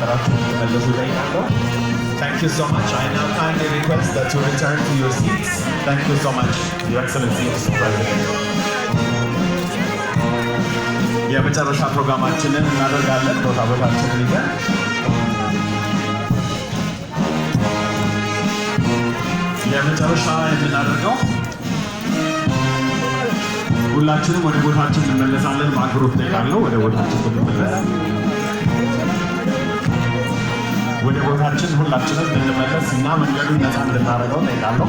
a little late Thank you so much. I now kindly request that you return to your seats. Thank you so much, Your Excellency, Mr. President. የመጨረሻ ፕሮግራማችንን እናደርጋለን። ቦታ ቦታችንን ይዘን የመጨረሻ የምናደርገው ሁላችንም ወደ ቦታችን እንመለሳለን። በአክብሮት ጠይቃለሁ። ወደ ቦታችን እንመለሳለን። አምላካችን ሁላችንም እንድንመለስ እና መንገዱ ነፃ እንድናደርገው ጠይቃለሁ።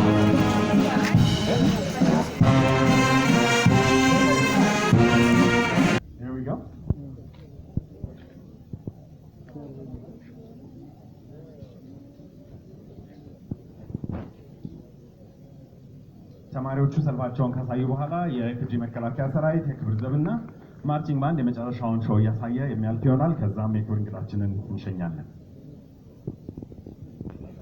ተማሪዎቹ ሰልፋቸውን ካሳዩ በኋላ የኢፌዴሪ መከላከያ ሰራዊት የክብር ዘብና ማርቺንግ ባንድ የመጨረሻውን ሾው እያሳየ የሚያልፍ ይሆናል። ከዛም የክብር እንግዳችንን እንሸኛለን።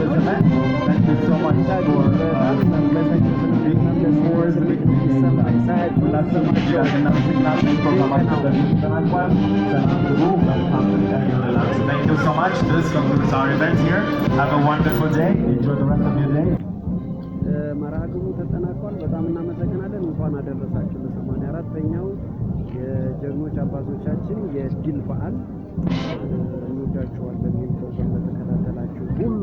Testament. Thank you so much for that message to bring the force inside ሁላችሁም እናመሰግናለን። ፕሮግራማችን ተጠናቋል። ሰላም ሁሉ መልካም Thank you so much. This concludes our event here. Have a wonderful day. Enjoy the rest of your day. መርሃ ግብሩ ተጠናቋል። በጣም እናመሰግናለን። እንኳን አደረሳችሁ ለሰማንያ አራተኛው የጀግኖች አባቶቻችን የድል በዓል እንወዳችኋል በሚል ፕሮግራም ለተከታተላችሁ ሁሉ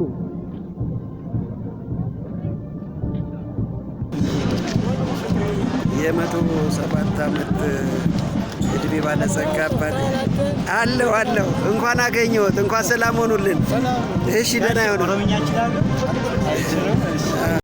የመቶ ሰባት ዓመት እድሜ ባለጸጋ አባት አለሁ አለው እንኳን አገኘሁት። እንኳን ሰላም ሆኑልን። እሺ ደህና ይሆኑ